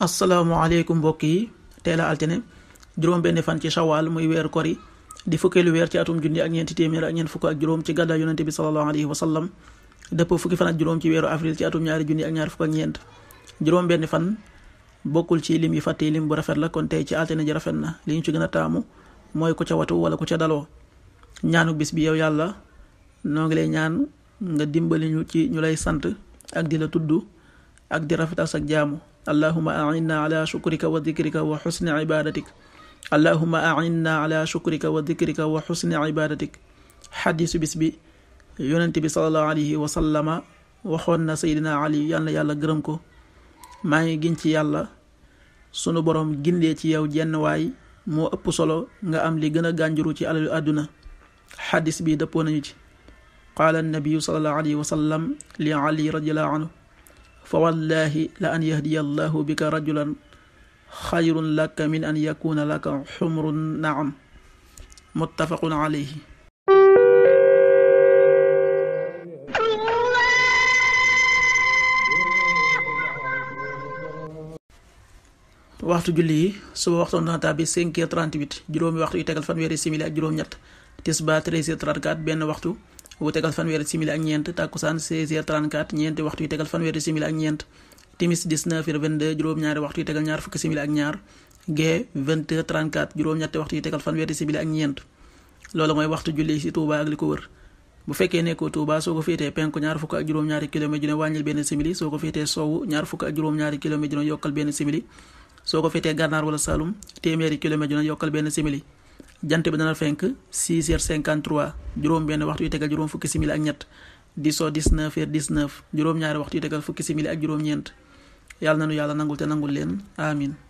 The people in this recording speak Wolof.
asalaamaaleykum mbokk yi teela altine juróom benn fan ci shawaal muy weeru kor yi di fukkeelu weer ci atum junni ak ñeenti téeméer ak ñeent fukk ak juróom ci gàddaa yonente bi sallallahu alayhi wa sallam dëpp fukki fan juróom ci weeru avril ci atum ñaari junni ak ñaar fukk ak ñeent juróom benn fan bokkul ci lim yi fàtte lim bu rafet la kon tey ci altine ji rafet na li ñu ci gën a taamu mooy ku ca watu wala ku ca daloo ñaanu bis bi yow yàlla noo ngi lay ñaan nga dimbali ñu ci ñu lay sant ak di la tudd ak di rafetal sa jaamu allahuma ainna ala shukrika wa dikrika wa xusni ibadatik allahuma ainna ala shukrika wa xusni ibadatik xadisu bis bi yonent bi salallahu alayhi wa sallama waxoon na seydina ali yal yàlla gërëm ko maa ngi gin ci yàlla sunu borom gindee ci yow jenn waay moo ëpp solo nga am li gën a gànjuru ci alalu àdduna xadis bi dëppoo nañu ci qaala annabiyu salallahu alayhi wa sallam li ali radiallahu fa wallahi la an yahdiya allahu bika rajulan xayrun laka min an yakuna laka xumrun naam muttafaqun alayhi waxtu julli suba waxtoon dana tàbbi waxtu yu tegal fanweeri simili ak juróom tisba 13h34 benn waxtu bu tegal fanweeri simili ak ñeent tàkkusaan 16 heures 34 ñeenti waxtu yu tegal fanweeri simili ak ñeent timis 19 heures 22 juróom-ñaari waxtu yu tegal ñaar fukki simili ak ñaar gee 20 heures 34 juróom-ñetti waxtu yu tegal fanweeri simili ak ñeent loolu mooy waxtu julli ci Touba ak li ko wër bu fekkee nekkoo Touba soo ko féetee penku ñaar fukk ak juróom-ñaari kilomètre ju ne wàññil benn simili soo ko féetee sowwu ñaar fukk ak juróom-ñaari kilomètre ju ne yokkal benn simili soo ko féetee gànnaar wala Saloum téeméeri kilomètre ju ne yokkal benn simili jant bi dana fenk 6 heures 53 juróom-benn waxtu yu tegal juróom fukki simili ak ñett di soo 19 heures 19 juróom-ñaari waxtu yu tegal fukki simili ak juróom-ñeent yàlla na nu yàlla nangul te nangul leen amin